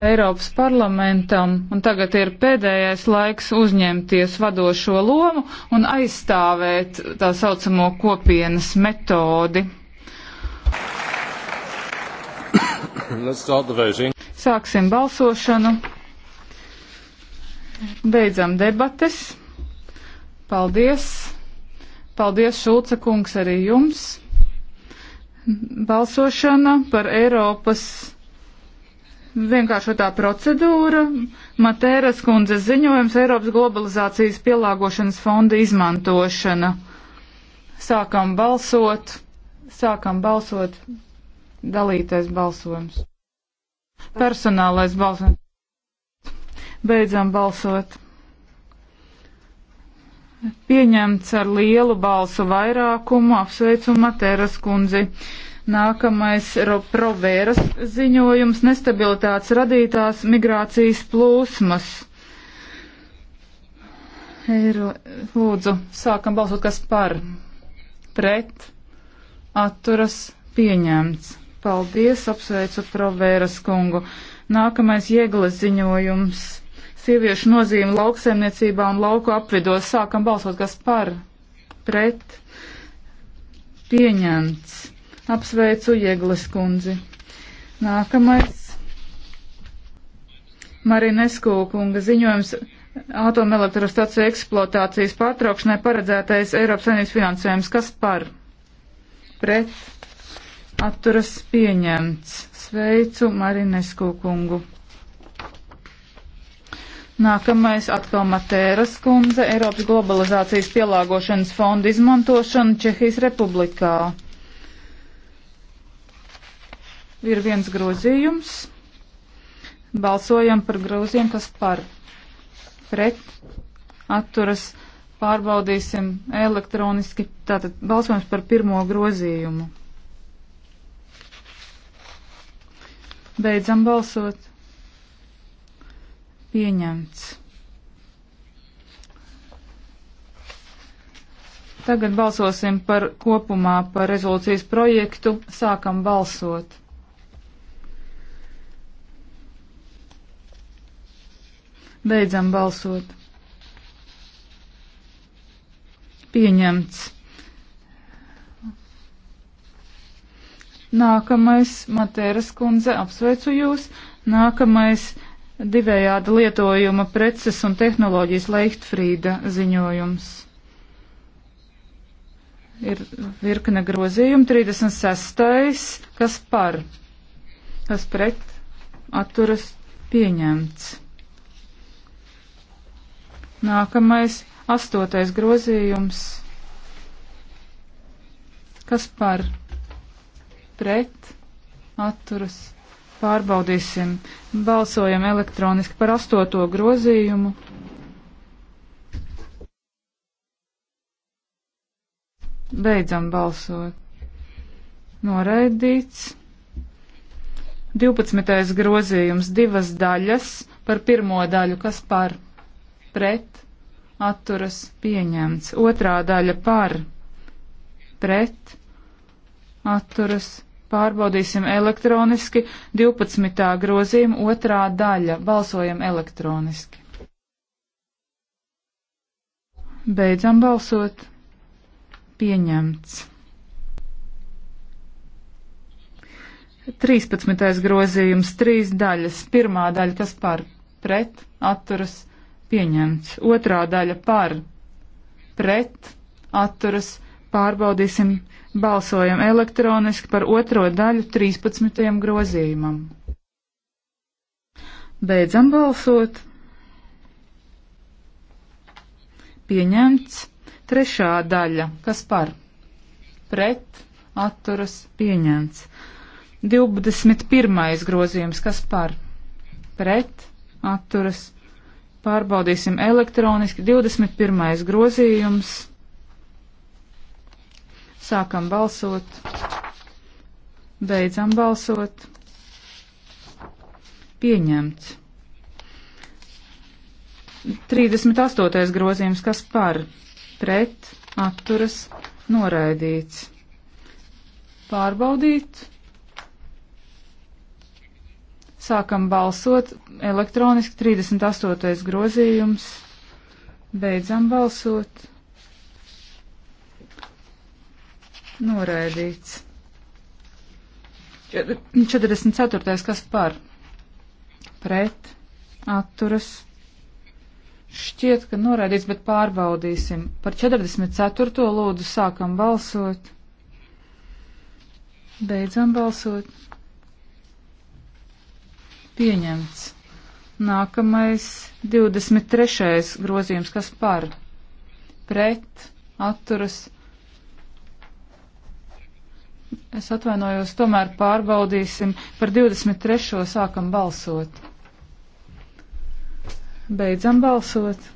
Eiropas parlamentam, un tagad ir pēdējais laiks uzņemties vadošo lomu un aizstāvēt tā saucamo kopienas metodi. Sāksim balsošanu. Beidzam debates. Paldies. Paldies, Šulce kungs, arī jums. Balsošana par Eiropas vienkāršotā procedūra, Matēras kundzes ziņojums Eiropas globalizācijas pielāgošanas fonda izmantošana. Sākam balsot, sākam balsot, dalītais balsojums. Personālais balsojums. Beidzam balsot. Pieņemts ar lielu balsu vairākumu, apsveicu Matēras kundzi. Nākamais Provēras ziņojums - nestabilitātes radītās migrācijas plūsmas. Ir, lūdzu, sākam balsot, kas par, pret, atturas, pieņemts. Paldies, apsveicu Provēras kungu. Nākamais Jēglas ziņojums - sieviešu nozīme lauksaimniecībā un lauku apvidos. Sākam balsot, kas par, pret, pieņemts. Apsveicu Jēglas kundzi. Nākamais Marinesko kunga ziņojums atomelektrostaciju eksploatācijas pārtraukšanai paredzētais Eiropas Savienības finansējums. Kas par? Pret? Atturas pieņemts. Sveicu Marinesko kungu. Nākamais atkal Matēras kundze, Eiropas globalizācijas pielāgošanas fonda izmantošana Čehijas republikā. Ir viens grozījums. Balsojam par grozījumu, kas par pret atturas pārbaudīsim elektroniski. Tātad balsojums par pirmo grozījumu. Beidzam balsot. Pieņemts. Tagad balsosim par kopumā par rezolūcijas projektu. Sākam balsot. Beidzam balsot. Pieņemts. Nākamais, Matēras kundze, apsveicu jūs. Nākamais divējāda lietojuma preces un tehnoloģijas Leichtfrīda ziņojums. Ir virkne grozījumu, 36. kas par, kas pret, atturas pieņemts. Nākamais, astotais grozījums. Kas par pret atturas? Pārbaudīsim. Balsojam elektroniski par astoto grozījumu. Beidzam balsot. Noraidīts. 12. grozījums divas daļas par pirmo daļu, kas par pret, atturas pieņemts. Otrā daļa par, pret, atturas pārbaudīsim elektroniski. 12. grozījuma otrā daļa. Balsojam elektroniski. Beidzam balsot. Pieņemts. 13. grozījums, trīs daļas. Pirmā daļa, kas par pret, atturas, pieņemts. Otrā daļa par, pret, atturas, pārbaudīsim, balsojam elektroniski par otro daļu 13. grozījumam. Beidzam balsot. Pieņemts. Trešā daļa. Kas par? Pret. Atturas. Pieņemts. 21. grozījums. Kas par? Pret. Atturas. Pārbaudīsim elektroniski. 21. grozījums. Sākam balsot. Beidzam balsot. Pieņemts. 38. grozījums, kas par, pret, atturas, noraidīts. Pārbaudīt. Sākam balsot elektroniski 38. grozījums. Beidzam balsot. Noraidīts. 44. kas par? Pret. Atturas. Šķiet, ka noraidīts, bet pārbaudīsim. Par 44. lūdzu sākam balsot. Beidzam balsot pieņemts. Nākamais 23. grozījums, kas par pret atturas. Es atvainojos, tomēr pārbaudīsim. Par 23. sākam balsot. Beidzam balsot.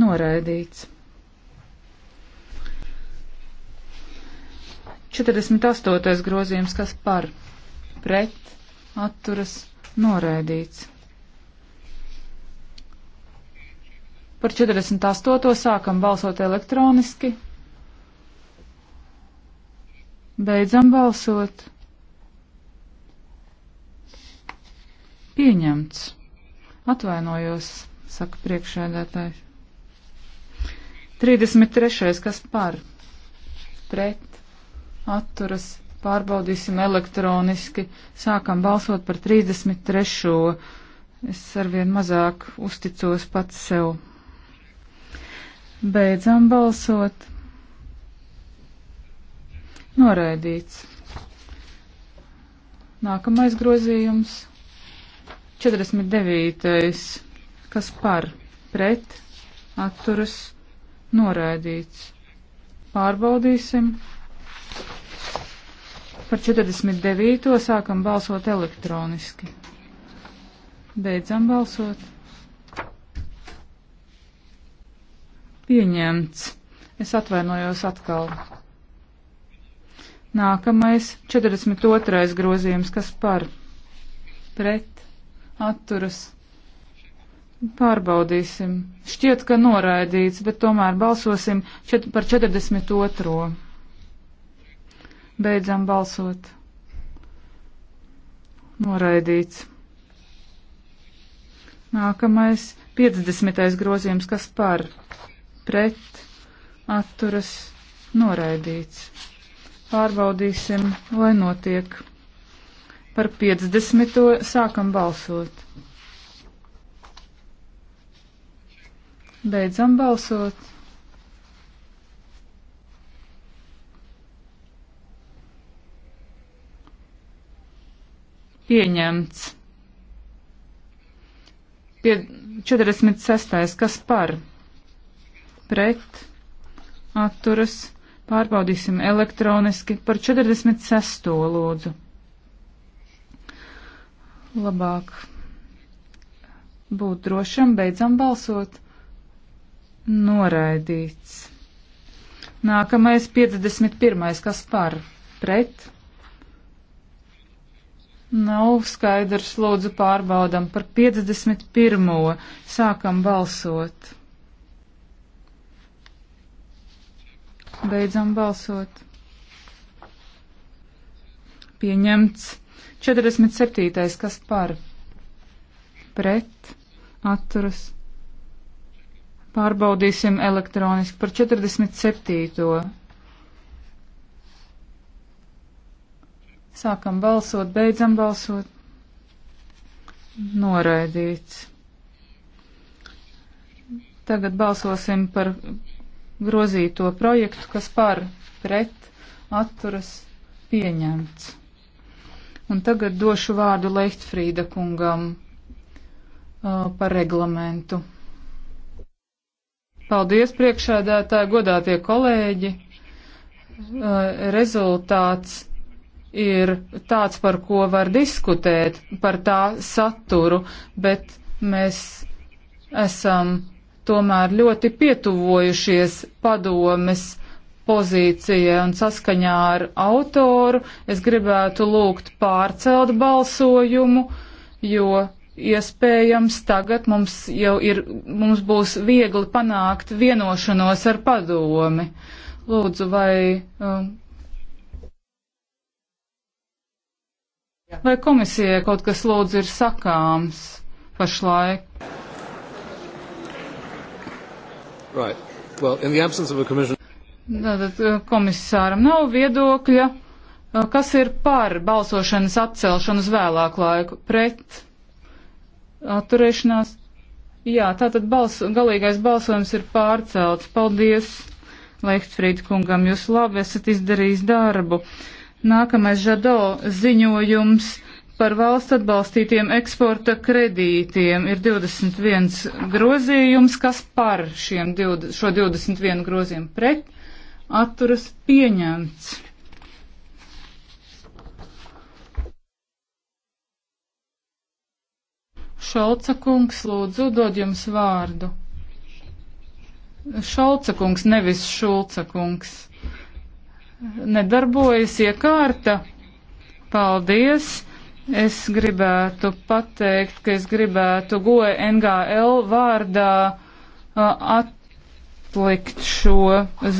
Noraidīts. 48. grozījums, kas par pret pret, atturas, noraidīts. Par 48. sākam balsot elektroniski. Beidzam balsot. Pieņemts. Atvainojos, saka priekšēdētājs. 33. kas par? Pret. Atturas Pārbaudīsim elektroniski. Sākam balsot par 33. Es arvien mazāk uzticos pats sev. Beidzam balsot. Noraidīts. Nākamais grozījums. 49. Kas par? Pret? Atturas? Noraidīts. Pārbaudīsim. Par 49. sākam balsot elektroniski. Beidzam balsot. Pieņemts. Es atvainojos atkal. Nākamais 42. grozījums, kas par pret atturas. Pārbaudīsim. Šķiet, ka noraidīts, bet tomēr balsosim par 42. Beidzam balsot. Noraidīts. Nākamais 50. grozījums, kas par pret atturas noraidīts. Pārbaudīsim, lai notiek. Par 50. sākam balsot. Beidzam balsot. pieņemts. Pie 46. kas par pret atturas pārbaudīsim elektroniski par 46. lūdzu. Labāk būt drošam, beidzam balsot. Noraidīts. Nākamais 51. kas par pret Nav skaidrs, lūdzu pārbaudam par 51. Sākam balsot. Beidzam balsot. Pieņemts 47. kas par? Pret, atturas. Pārbaudīsim elektroniski par 47. Sākam balsot, beidzam balsot. Noraidīts. Tagad balsosim par grozīto projektu, kas par pret atturas pieņemts. Un tagad došu vārdu Leichtfrīda kungam uh, par reglamentu. Paldies priekšēdētāji, godātie kolēģi. Uh, rezultāts ir tāds, par ko var diskutēt, par tā saturu, bet mēs esam tomēr ļoti pietuvojušies padomes pozīcija un saskaņā ar autoru es gribētu lūgt pārcelt balsojumu, jo iespējams tagad mums jau ir, mums būs viegli panākt vienošanos ar padomi. Lūdzu, vai um, Vai komisijai kaut kas lūdzu ir sakāms pašlaik? Right. Well, commission... Tātad uh, komisāram nav viedokļa. Uh, kas ir par balsošanas atcelšanu uz vēlāku laiku? Pret atturēšanās? Jā, tātad balso, galīgais balsojums ir pārcelts. Paldies, Leichtfrīd kungam, jūs labi esat izdarījis darbu. Nākamais žado ziņojums par valsts atbalstītiem eksporta kredītiem ir 21 grozījums, kas par šiem 20, šo 21 grozījumu pret atturas pieņemts. Šolca kungs, lūdzu, dod jums vārdu. Šolca kungs, nevis Šulca kungs nedarbojas iekārta. Paldies! Es gribētu pateikt, ka es gribētu goe NGL vārdā atlikt šo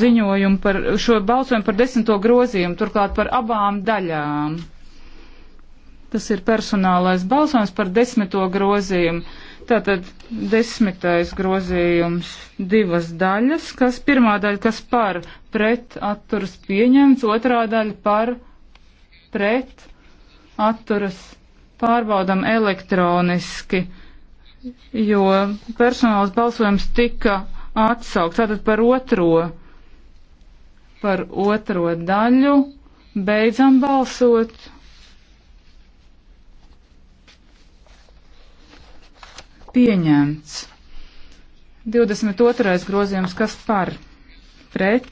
ziņojumu par šo balsojumu par desmito grozījumu, turklāt par abām daļām. Tas ir personālais balsojums par desmito grozījumu. Tātad desmitais grozījums divas daļas, kas pirmā daļa, kas par pret atturas pieņemts, otrā daļa par pret atturas pārbaudam elektroniski, jo personāls balsojums tika atsaukts. Tātad par otro, par otro daļu beidzam balsot. pieņemts. 22. grozījums, kas par pret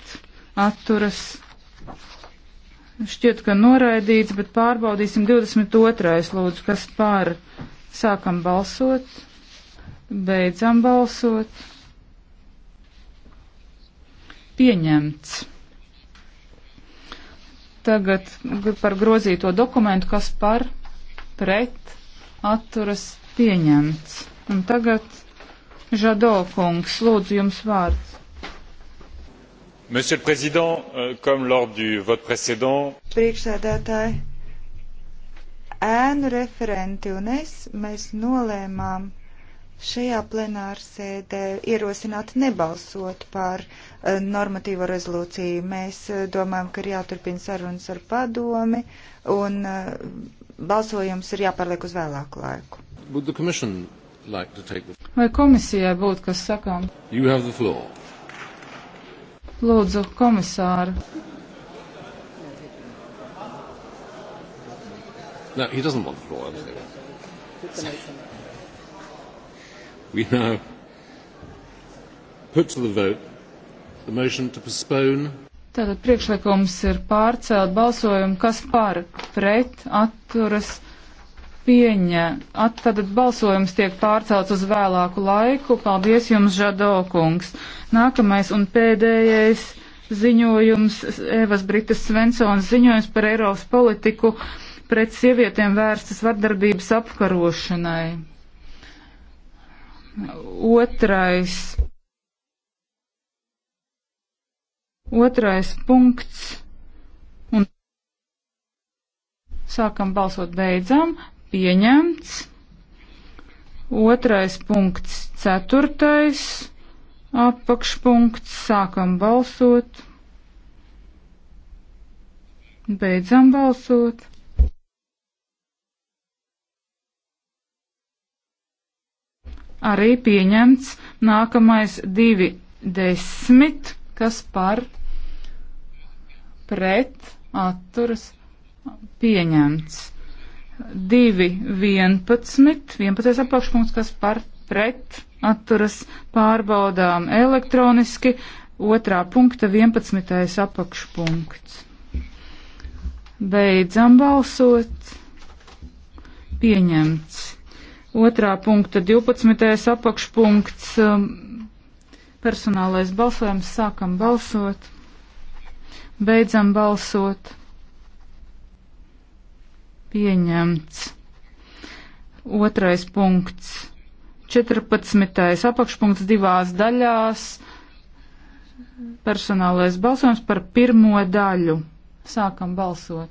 atturas. Šķiet, ka noraidīts, bet pārbaudīsim 22. lūdzu, kas par sākam balsot, beidzam balsot. Pieņemts. Tagad par grozīto dokumentu, kas par pret atturas pieņemts. Un tagad Žado kungs, lūdzu jums vārds. Monsieur le Président, euh, comme lors du vote précédent, Priekšsēdētāji, ēnu referenti un es, mēs nolēmām šajā plenārsēdē ierosināt nebalsot par uh, normatīvo rezolūciju. Mēs uh, domājam, ka ir jāturpina sarunas ar padomi un uh, balsojums ir jāpārliek uz vēlāku laiku like to take the... Vai komisijai būtu kas sakām? You have the floor. Lūdzu, komisāri. No, he doesn't want the floor. So, we now put to the vote the motion to postpone. Tātad priekšlikums ir pārcelt balsojumu, kas par pret atturas pieņa, at, tad balsojums tiek pārcelts uz vēlāku laiku. Paldies jums, Žadokungs. Nākamais un pēdējais ziņojums, Evas Britas Svensons ziņojums par Eiropas politiku pret sievietēm vērstas vardarbības apkarošanai. Otrais. Otrais punkts. Un sākam balsot, beidzam pieņemts. Otrais punkts, ceturtais apakšpunkts, sākam balsot. Beidzam balsot. Arī pieņemts nākamais divi desmit, kas par pret atturas pieņemts. 2, 11, 11 apakšpunkts, kas par pret atturas pārbaudām elektroniski, otrā punkta 11 apakšpunkts. Beidzam balsot. Pieņemts. Otrā punkta 12. apakšpunkts. Um, personālais balsojums. Sākam balsot. Beidzam balsot pieņemts. Otrais punkts. 14. apakšpunkts divās daļās. Personālais balsojums par pirmo daļu. Sākam balsot.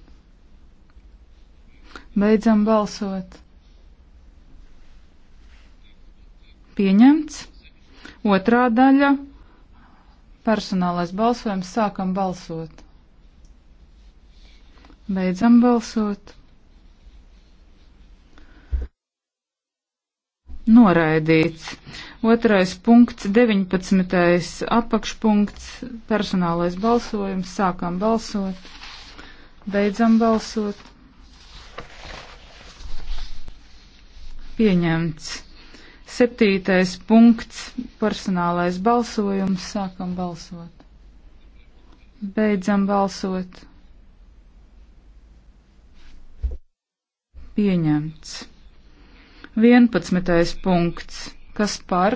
Beidzam balsot. Pieņemts. Otrā daļa. Personālais balsojums. Sākam balsot. Beidzam balsot. noraidīts. Otrais punkts, 19. apakšpunkts, personālais balsojums, sākam balsot, beidzam balsot. Pieņemts. Septītais punkts, personālais balsojums, sākam balsot. Beidzam balsot. Pieņemts. 11. punkts. Kas par?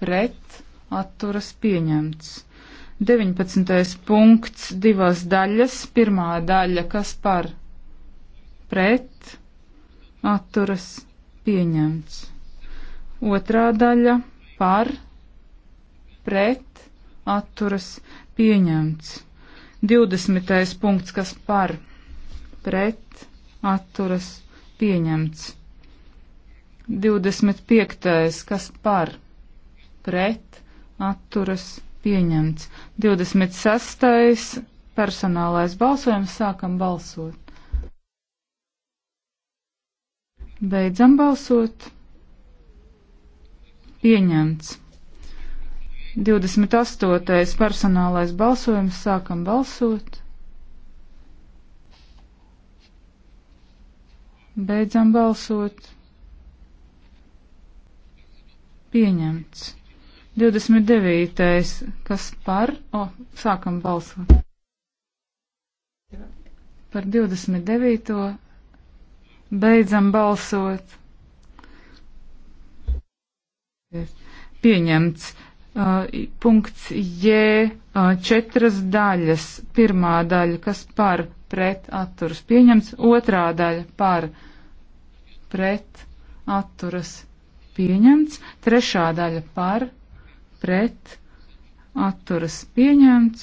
Pret atturas pieņemts. 19. punkts divas daļas. Pirmā daļa. Kas par? Pret atturas pieņemts. Otrā daļa. Par? Pret atturas pieņemts. 20. punkts. Kas par? Pret atturas pieņemts. 25. kas par pret atturas pieņemts. 26. personālais balsojums sākam balsot. Beidzam balsot. Pieņemts. 28. personālais balsojums sākam balsot. Beidzam balsot Pieņemts. 29. Kas par? O, sākam balsot. Par 29. Beidzam balsot. Pieņemts. Uh, punkts J, uh, četras daļas. Pirmā daļa, kas par pret atturas pieņemts, otrā daļa par pret atturas pieņemts pieņemts, trešā daļa par, pret, atturas pieņemts.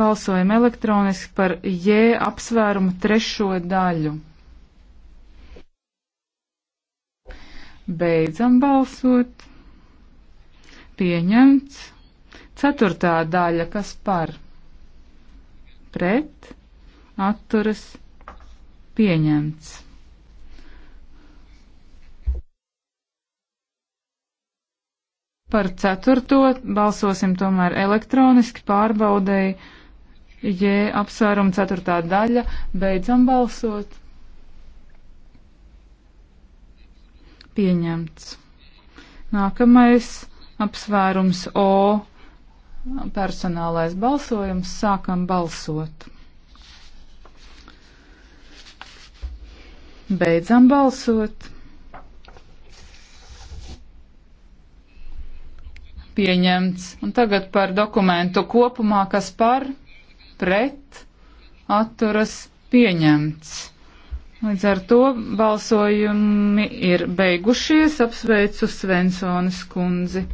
Balsojam elektroniski par J apsvērumu trešo daļu. Beidzam balsot. Pieņemts. Ceturtā daļa, kas par pret, atturas pieņemts. Par ceturto balsosim tomēr elektroniski pārbaudēji, ja apsvērumu ceturtā daļa beidzam balsot. Pieņemts. Nākamais apsvērums O personālais balsojums. Sākam balsot. Beidzam balsot. pieņemts. Un tagad par dokumentu kopumā, kas par, pret, atturas pieņemts. Līdz ar to balsojumi ir beigušies. Apsveicu Svensonas kundzi.